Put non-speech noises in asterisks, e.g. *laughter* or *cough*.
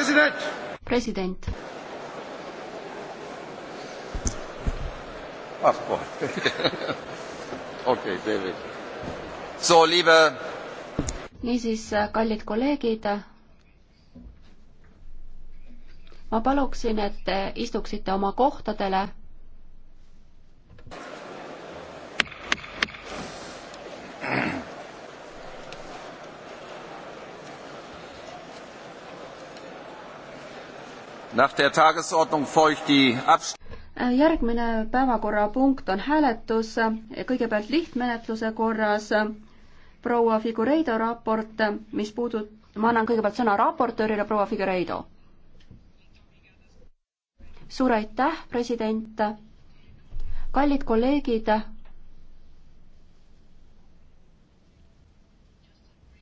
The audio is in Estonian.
president. president. Ach, *laughs* okay, David. So, liebe... niisiis, äh, kallid kolleegid, äh, ma paluksin, et te äh, istuksite oma kohtadele *clears throat* Äh, järgmine päevakorrapunkt on hääletus, kõigepealt lihtmenetluse korras proua Figureido raport, mis puudut-, ma annan kõigepealt sõna raportöörile, proua Figureido. suur aitäh, president! kallid kolleegid,